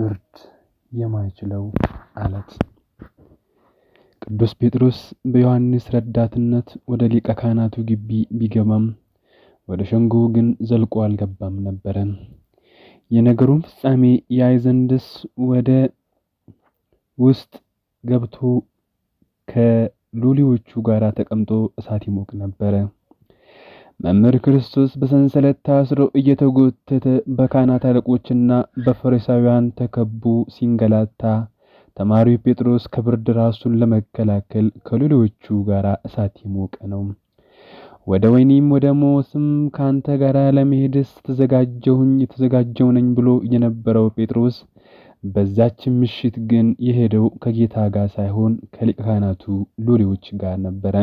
ብርድ የማይችለው አለት። ቅዱስ ጴጥሮስ በዮሐንስ ረዳትነት ወደ ሊቀ ካህናቱ ግቢ ቢገባም ወደ ሸንጎ ግን ዘልቆ አልገባም ነበረ። የነገሩን ፍጻሜ ያይ ዘንድስ ወደ ውስጥ ገብቶ ከሎሌዎቹ ጋር ተቀምጦ እሳት ይሞቅ ነበረ። መምህር ክርስቶስ በሰንሰለት ታስሮ እየተጎተተ በካህናት አለቆችና በፈሪሳውያን ተከቦ ሲንገላታ ተማሪው ጴጥሮስ ከብርድ ራሱን ለመከላከል ከሌሎቹ ጋር እሳት የሞቀ ነው። ወደ ወይኒም ወደ ሞስም ከአንተ ጋር ለመሄድስ ተዘጋጀሁኝ የተዘጋጀው ነኝ ብሎ የነበረው ጴጥሮስ በዛች ምሽት ግን የሄደው ከጌታ ጋር ሳይሆን ከሊቀ ካህናቱ ሎሌዎች ጋር ነበረ።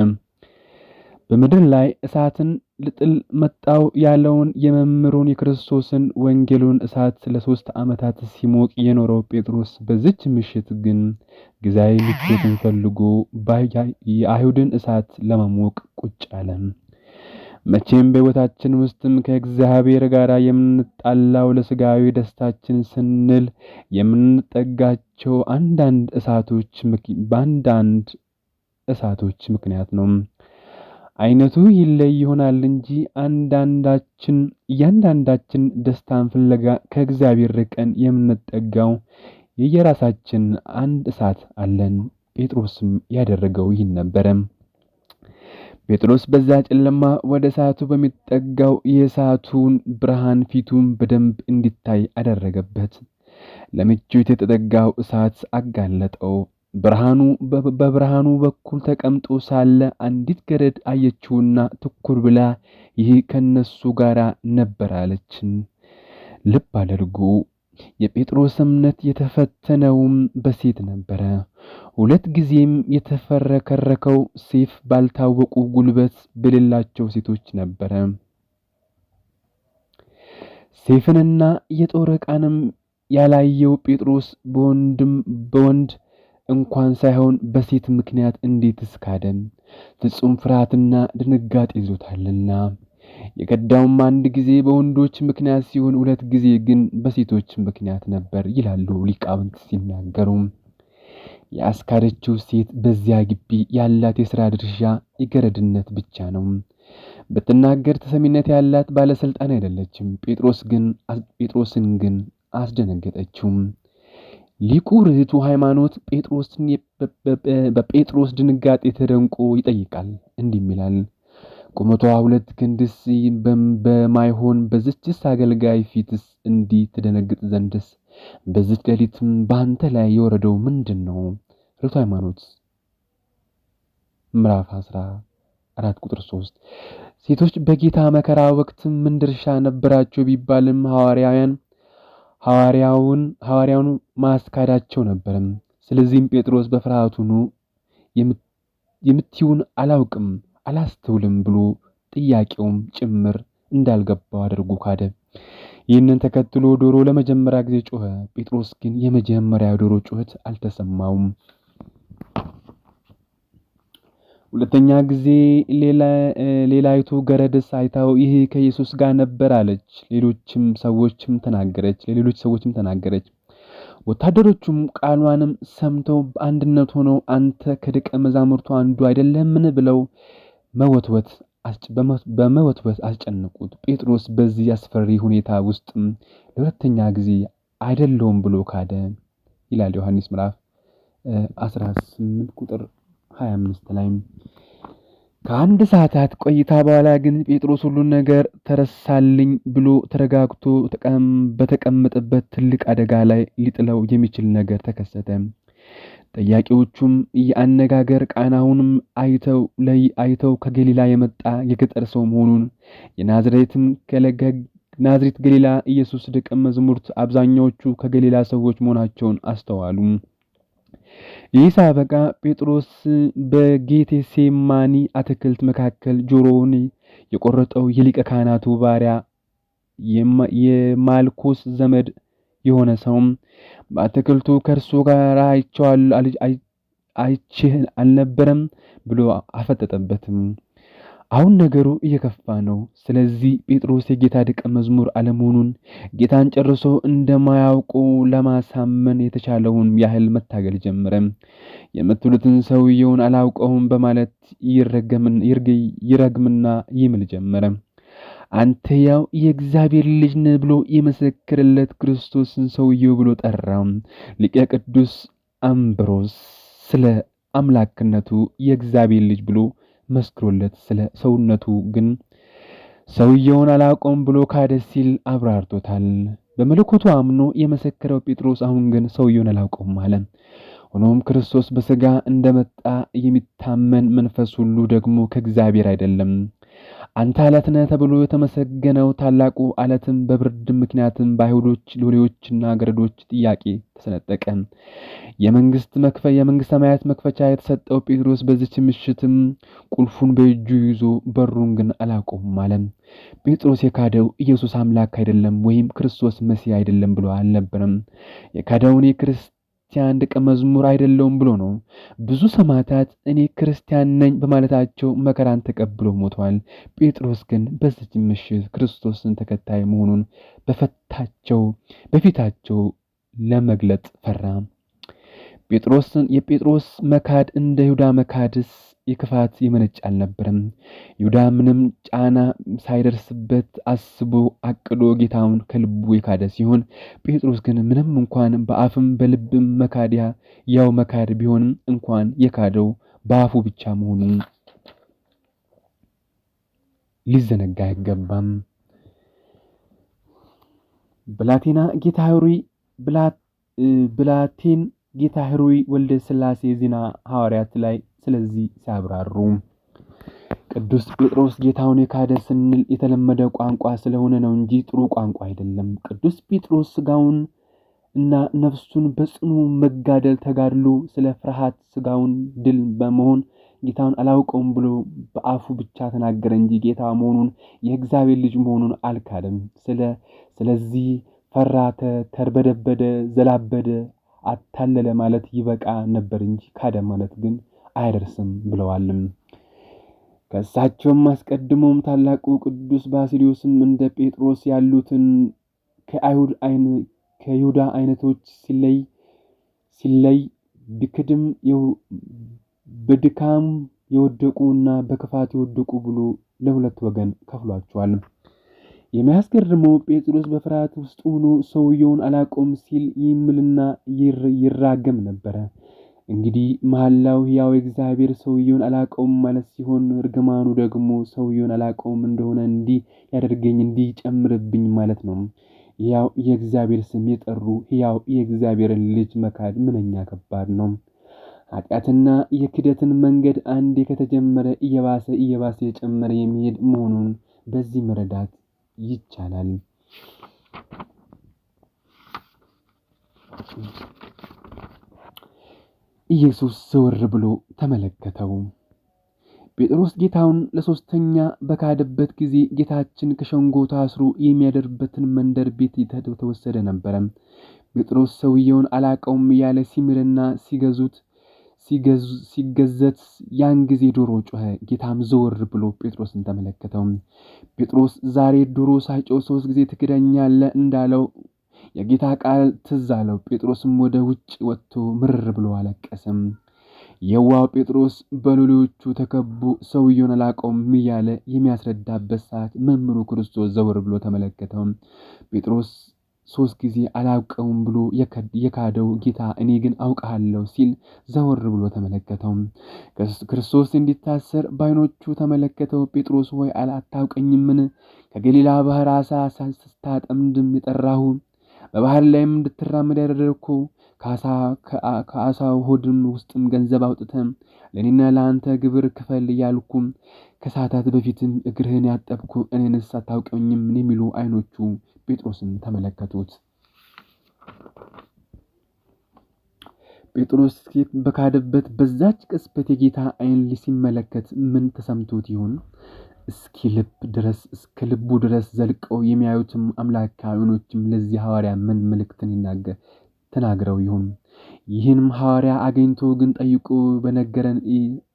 በምድር ላይ እሳትን ልጥል መጣው ያለውን የመምህሩን የክርስቶስን ወንጌሉን እሳት ለሶስት ዓመታት ሲሞቅ የኖረው ጴጥሮስ በዚች ምሽት ግን ጊዜያዊ ምቾትን ፈልጎ የአይሁድን እሳት ለመሞቅ ቁጭ አለ። መቼም በሕይወታችን ውስጥም ከእግዚአብሔር ጋር የምንጣላው ለሥጋዊ ደስታችን ስንል የምንጠጋቸው አንዳንድ እሳቶች በአንዳንድ እሳቶች ምክንያት ነው። አይነቱ ይለይ ይሆናል እንጂ አንዳንዳችን እያንዳንዳችን ደስታን ፍለጋ ከእግዚአብሔር ርቀን የምንጠጋው የየራሳችን አንድ እሳት አለን። ጴጥሮስም ያደረገው ይህን ነበረ። ጴጥሮስ በዛ ጨለማ ወደ እሳቱ በሚጠጋው የእሳቱን ብርሃን ፊቱን በደንብ እንዲታይ አደረገበት። ለምቾት የተጠጋው እሳት አጋለጠው። ብርሃኑ በብርሃኑ በኩል ተቀምጦ ሳለ አንዲት ገረድ አየችውና ትኩር ብላ ይህ ከነሱ ጋር ነበር አለችን። ልብ አድርጉ፣ የጴጥሮስ እምነት የተፈተነውም በሴት ነበረ። ሁለት ጊዜም የተፈረከረከው ሴፍ ባልታወቁ ጉልበት በሌላቸው ሴቶች ነበረ። ሴፍንና የጦር ዕቃንም ያላየው ጴጥሮስ በወንድም በወንድ እንኳን ሳይሆን በሴት ምክንያት እንዴት እስካደም ፍጹም ፍርሃትና ድንጋጤ ይዞታልና። የከዳውም አንድ ጊዜ በወንዶች ምክንያት ሲሆን ሁለት ጊዜ ግን በሴቶች ምክንያት ነበር ይላሉ ሊቃውንት ሲናገሩ። የአስካደችው ሴት በዚያ ግቢ ያላት የሥራ ድርሻ የገረድነት ብቻ ነው። ብትናገር ተሰሚነት ያላት ባለሥልጣን አይደለችም። ጴጥሮስ ግን ጴጥሮስን ግን አስደነገጠችው። ሊቁ ርቱ ሃይማኖት ጴጥሮስን በጴጥሮስ ድንጋጤ ተደንቆ ይጠይቃል። እንዲህ ይላል። ቁመቷ ሁለት ክንድስ በማይሆን በዝችስ አገልጋይ ፊትስ እንዲህ ትደነግጥ ዘንድስ በዝች ሌሊትም በአንተ ላይ የወረደው ምንድን ነው? ሃይማኖት ምዕራፍ 14 ቁጥር 3 ሴቶች በጌታ መከራ ወቅት ምን ድርሻ ነበራቸው ቢባልም ሐዋርያውያን ሐዋርያውን ሐዋርያውን ማስካዳቸው ነበርም። ስለዚህም ጴጥሮስ በፍርሃቱ ኑ የምትዩን አላውቅም አላስተውልም ብሎ ጥያቄውም ጭምር እንዳልገባው አድርጎ ካደ። ይህንን ተከትሎ ዶሮ ለመጀመሪያ ጊዜ ጮኸ። ጴጥሮስ ግን የመጀመሪያ ዶሮ ጩኸት አልተሰማውም። ሁለተኛ ጊዜ ሌላይቱ ገረደስ አይታው ይህ ከኢየሱስ ጋር ነበር አለች። ሌሎችም ሰዎችም ተናገረች ለሌሎች ሰዎችም ተናገረች። ወታደሮቹም ቃሏንም ሰምተው በአንድነት ሆነው አንተ ከደቀ መዛሙርቱ አንዱ አይደለምን ብለው መወትወት በመወትወት አስጨነቁት። ጴጥሮስ በዚህ አስፈሪ ሁኔታ ውስጥ ለሁለተኛ ጊዜ አይደለውም ብሎ ካደ ይላል ዮሐንስ ምዕራፍ 18 ቁጥር 25 ላይ ከአንድ ሰዓታት ቆይታ በኋላ ግን ጴጥሮስ ሁሉን ነገር ተረሳልኝ ብሎ ተረጋግቶ በተቀመጠበት ትልቅ አደጋ ላይ ሊጥለው የሚችል ነገር ተከሰተ። ጠያቂዎቹም የአነጋገር ቃናውንም አይተው ላይ አይተው ከገሊላ የመጣ የገጠር ሰው መሆኑን የናዝሬትም ናዝሬት ገሊላ ኢየሱስ ደቀ መዝሙርት አብዛኛዎቹ ከገሊላ ሰዎች መሆናቸውን አስተዋሉ። ይህ ሳበቃ ጴጥሮስ በጌቴሴማኒ አትክልት መካከል ጆሮውን የቆረጠው የሊቀ ካህናቱ ባሪያ የማልኮስ ዘመድ የሆነ ሰውም በአትክልቱ ከእርሱ ጋር አይቼህ አልነበረም ብሎ አፈጠጠበትም። አሁን ነገሩ እየከፋ ነው። ስለዚህ ጴጥሮስ የጌታ ደቀ መዝሙር አለመሆኑን ጌታን ጨርሶ እንደማያውቁ ለማሳመን የተቻለውን ያህል መታገል ጀመረ። የምትሉትን ሰውየውን አላውቀውም በማለት ይረግምና ይምል ጀመረ። አንተ ያው የእግዚአብሔር ልጅ ነህ ብሎ የመሰከረለት ክርስቶስን ሰውየው ብሎ ጠራው። ሊቀ ቅዱስ አምብሮስ ስለ አምላክነቱ የእግዚአብሔር ልጅ ብሎ መስክሮለት ስለ ሰውነቱ ግን ሰውየውን አላውቀውም ብሎ ካደ ሲል አብራርቶታል። በመለኮቱ አምኖ የመሰከረው ጴጥሮስ አሁን ግን ሰውየውን አላውቀውም አለ። ሆኖም ክርስቶስ በሥጋ እንደመጣ የሚታመን መንፈስ ሁሉ ደግሞ ከእግዚአብሔር አይደለም። አንተ አለት ነህ ተብሎ የተመሰገነው ታላቁ አለትም በብርድ ምክንያትም በአይሁዶች ሎሌዎችና ገረዶች ጥያቄ ተሰነጠቀ። የመንግስት መክፈ የመንግስት ሰማያት መክፈቻ የተሰጠው ጴጥሮስ በዚች ምሽትም ቁልፉን በእጁ ይዞ በሩን ግን አላቆም አለ። ጴጥሮስ የካደው ኢየሱስ አምላክ አይደለም ወይም ክርስቶስ መሲህ አይደለም ብሎ አልነበረም። የካደውን የክርስት ክርስቲያን ደቀ መዝሙር አይደለውም ብሎ ነው። ብዙ ሰማዕታት እኔ ክርስቲያን ነኝ በማለታቸው መከራን ተቀብሎ ሞቷል። ጴጥሮስ ግን በዚች ምሽት ክርስቶስን ተከታይ መሆኑን በፈታቸው በፊታቸው ለመግለጽ ፈራ። ጴጥሮስን የጴጥሮስ መካድ እንደ ይሁዳ መካድስ የክፋት የመነጭ አልነበረም። ይሁዳ ምንም ጫና ሳይደርስበት አስቦ አቅዶ ጌታውን ከልቡ የካደ ሲሆን፣ ጴጥሮስ ግን ምንም እንኳን በአፍም በልብም መካድያ ያው መካድ ቢሆንም እንኳን የካደው በአፉ ብቻ መሆኑ ሊዘነጋ አይገባም። ብላቴና ጌታ ብላቴን ጌታ ህሩይ ወልደ ስላሴ ዜና ሐዋርያት ላይ ስለዚህ ሲያብራሩ ቅዱስ ጴጥሮስ ጌታውን የካደ ስንል የተለመደ ቋንቋ ስለሆነ ነው እንጂ ጥሩ ቋንቋ አይደለም። ቅዱስ ጴጥሮስ ስጋውን እና ነፍሱን በጽኑ መጋደል ተጋድሎ ስለ ፍርሃት ስጋውን ድል በመሆን ጌታውን አላውቀውም ብሎ በአፉ ብቻ ተናገረ እንጂ ጌታ መሆኑን የእግዚአብሔር ልጅ መሆኑን አልካደም። ስለዚህ ፈራተ ተርበደበደ፣ ዘላበደ፣ አታለለ ማለት ይበቃ ነበር እንጂ ካደ ማለት ግን አይደርስም ብለዋልም። ከእሳቸውም አስቀድሞም ታላቁ ቅዱስ ባሲሊዮስም እንደ ጴጥሮስ ያሉትን ከይሁዳ አይነቶች ሲለይ ሲለይ ቢክድም በድካም የወደቁ እና በክፋት የወደቁ ብሎ ለሁለት ወገን ከፍሏቸዋል። የሚያስገርመው ጴጥሮስ በፍርሃት ውስጥ ሆኖ ሰውየውን አላቆም ሲል ይምልና ይራገም ነበረ። እንግዲህ መሐላው ሕያው እግዚአብሔር ሰውየውን አላቀውም ማለት ሲሆን እርግማኑ ደግሞ ሰውየውን አላቀውም እንደሆነ እንዲህ ያደርገኝ እንዲህ ጨምርብኝ ማለት ነው። ያው የእግዚአብሔር ስም የጠሩ ሕያው የእግዚአብሔርን ልጅ መካድ ምንኛ ከባድ ነው። ኃጢአትና የክደትን መንገድ አንዴ ከተጀመረ እየባሰ እየባሰ የጨመረ የሚሄድ መሆኑን በዚህ መረዳት ይቻላል። ኢየሱስ ዘወር ብሎ ተመለከተው። ጴጥሮስ ጌታውን ለሶስተኛ በካደበት ጊዜ ጌታችን ከሸንጎ ታስሮ የሚያደርበትን መንደር ቤት ተወሰደ ነበረ። ጴጥሮስ ሰውየውን አላቀውም እያለ ሲምልና ሲገዙት ሲገዘት ያን ጊዜ ዶሮ ጮኸ። ጌታም ዘወር ብሎ ጴጥሮስን ተመለከተው። ጴጥሮስ ዛሬ ዶሮ ሳይጮህ ሶስት ጊዜ ትክደኛለህ እንዳለው የጌታ ቃል ትዝ አለው። ጴጥሮስም ወደ ውጭ ወጥቶ ምርር ብሎ አለቀሰም። የዋው ጴጥሮስ በሎሌዎቹ ተከቡ ሰውየውን አላቀውም እያለ የሚያስረዳበት ሰዓት መምህሩ ክርስቶስ ዘወር ብሎ ተመለከተው። ጴጥሮስ ሦስት ጊዜ አላውቀውም ብሎ የካደው ጌታ እኔ ግን አውቀሃለሁ ሲል ዘወር ብሎ ተመለከተው። ክርስቶስ እንዲታሰር በዓይኖቹ ተመለከተው። ጴጥሮስ ሆይ አላታውቀኝምን? ከገሊላ ባህር አሳ ስታጠምድም የጠራሁ በባህር ላይም እንድትራመድ ያደረግኩ ከአሳ ሆድም ውስጥም ገንዘብ አውጥተም ለእኔና ለአንተ ግብር ክፈል እያልኩም ከሰዓታት በፊትም እግርህን ያጠብኩ እኔንስ አታውቀኝም የሚሉ አይኖቹ ጴጥሮስን ተመለከቱት። ጴጥሮስ በካደበት በዛች ቅጽበት የጌታ ዓይን ሲመለከት ምን ተሰምቶት ይሆን? እስኪ ልብ ድረስ እስከ ልቡ ድረስ ዘልቀው የሚያዩትም አይኖችም ለዚህ ሐዋርያ ምን ምልክትን ይናገር ተናግረው ይሆን? ይህንም ሐዋርያ አገኝቶ ግን ጠይቆ በነገረን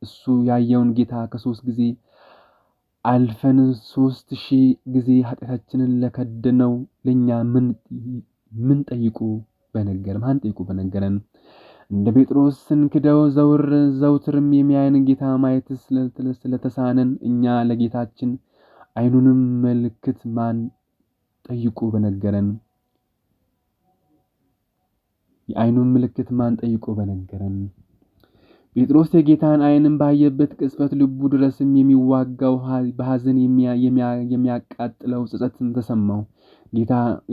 እሱ ያየውን ጌታ ከሶስት ጊዜ አልፈን ሶስት ሺህ ጊዜ ኃጢአታችንን ለከደነው ለእኛ ምን ጠይቁ በነገር ማን ጠይቁ በነገረን እንደ ጴጥሮስ ስንክደው ዘውር ዘውትርም የሚያይን ጌታ ማየት ስለተሳነን እኛ ለጌታችን አይኑንም መልክት ማን ጠይቁ በነገረን የአይኑን ምልክት ማን ጠይቆ በነገረን ጴጥሮስ የጌታን ዓይንም ባየበት ቅጽበት ልቡ ድረስም የሚዋጋው በሐዘን የሚያቃጥለው ጸጸትን ተሰማው።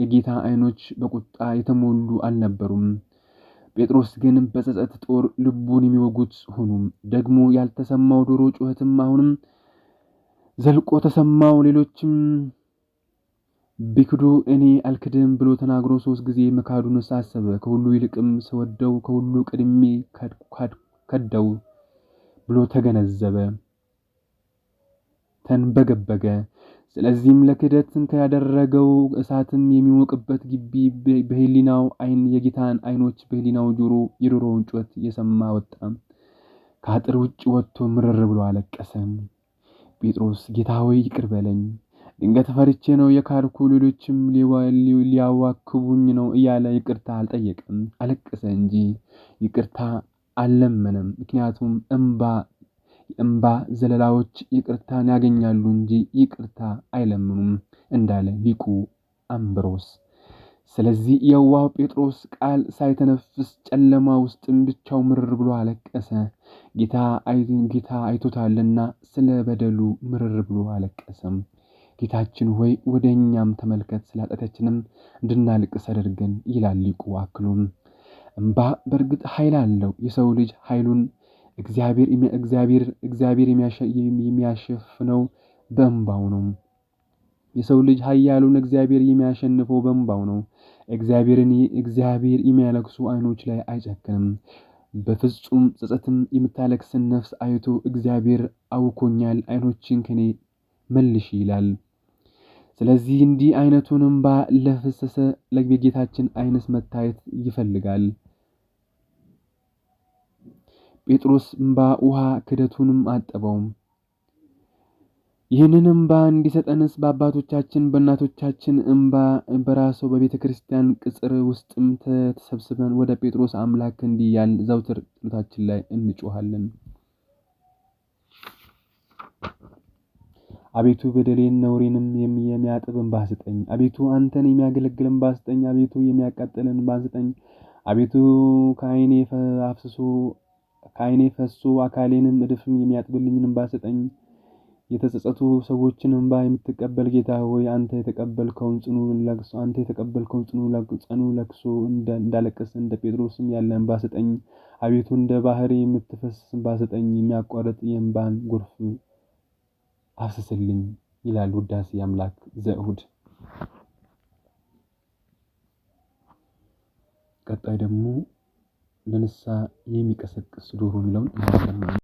የጌታ ዓይኖች በቁጣ የተሞሉ አልነበሩም። ጴጥሮስ ግን በጸጸት ጦር ልቡን የሚወጉት ሆኑ። ደግሞ ያልተሰማው ዶሮ ጩኸትም አሁንም ዘልቆ ተሰማው። ሌሎችም ቢክዱ እኔ አልክድም ብሎ ተናግሮ ሶስት ጊዜ መካዱን አሰበ። ከሁሉ ይልቅም ስወደው ከሁሉ ቅድሜ ካድኩ ከደው ብሎ ተገነዘበ፣ ተንበገበገ። ስለዚህም ለክህደት ከያደረገው እሳትም የሚሞቅበት ግቢ በህሊናው አይን የጌታን አይኖች በህሊናው ጆሮ የዶሮውን ጩኸት የሰማ ወጣ። ከአጥር ውጭ ወጥቶ ምርር ብሎ አለቀሰ። ጴጥሮስ ጌታ ሆይ ይቅር በለኝ፣ ድንገት ፈርቼ ነው የካድኩ፣ ሌሎችም ሊያዋክቡኝ ነው እያለ ይቅርታ አልጠየቀም፣ አለቀሰ እንጂ ይቅርታ አልለመነም። ምክንያቱም እምባ እምባ ዘለላዎች ይቅርታን ያገኛሉ እንጂ ይቅርታ አይለምኑም እንዳለ ሊቁ አምብሮስ። ስለዚህ የዋው ጴጥሮስ ቃል ሳይተነፍስ ጨለማ ውስጥም ብቻው ምርር ብሎ አለቀሰ። ጌታ ጌታ አይቶታልና ስለ በደሉ ምርር ብሎ አለቀሰም። ጌታችን ሆይ ወደ እኛም ተመልከት፣ ስለ ኃጢአታችንም እንድናልቅስ አድርገን ይላል ሊቁ አክሉም። እምባ በእርግጥ ኃይል አለው። የሰው ልጅ ኃይሉን እግዚአብሔር የሚያሸፍነው በእምባው ነው። የሰው ልጅ ኃያሉን እግዚአብሔር የሚያሸንፈው በእምባው ነው። እግዚአብሔርን እግዚአብሔር የሚያለቅሱ አይኖች ላይ አይጨክንም። በፍጹም ጸጸትም የምታለቅስን ነፍስ አይቶ እግዚአብሔር አውኮኛል፣ አይኖችን ከኔ መልሽ ይላል። ስለዚህ እንዲህ አይነቱን እምባ ለፈሰሰ ለጌታችን አይነስ መታየት ይፈልጋል። ጴጥሮስ እምባ ውሃ ክደቱንም አጠበውም። ይህንን እምባ እንዲሰጠንስ በአባቶቻችን በእናቶቻችን እምባ በራሰው በቤተ ክርስቲያን ቅጽር ውስጥም ተሰብስበን ወደ ጴጥሮስ አምላክ እንዲያል ዘውትር ጸሎታችን ላይ እንጮሃለን። አቤቱ በደሌን ነውሬንም የሚያጥብ እንባህ ስጠኝ። አቤቱ አንተን የሚያገለግል እንባህ ስጠኝ። አቤቱ የሚያቃጥል እንባህ ስጠኝ። አቤቱ ከዓይኔ አፍስሶ ከዓይኔ ፈሶ አካሌንም እድፍም የሚያጥብልኝን እንባህ ስጠኝ። የተጸጸቱ ሰዎችን እንባ የምትቀበል ጌታ ሆይ አንተ የተቀበልከውን ጽኑ ለቅሶ አንተ የተቀበልከውን ጽኑ ጸኑ ለቅሶ እንዳለቀስ እንደ ጴጥሮስም ያለ እንባ ስጠኝ። አቤቱ እንደ ባህር የምትፈስ እንባ ስጠኝ። የሚያቋርጥ የእንባን ጎርፍ አፍስስልኝ ይላል ውዳሴ አምላክ ዘእሁድ። ቀጣይ ደግሞ ለንሳ የሚቀሰቅስ ዶሮ የሚለውን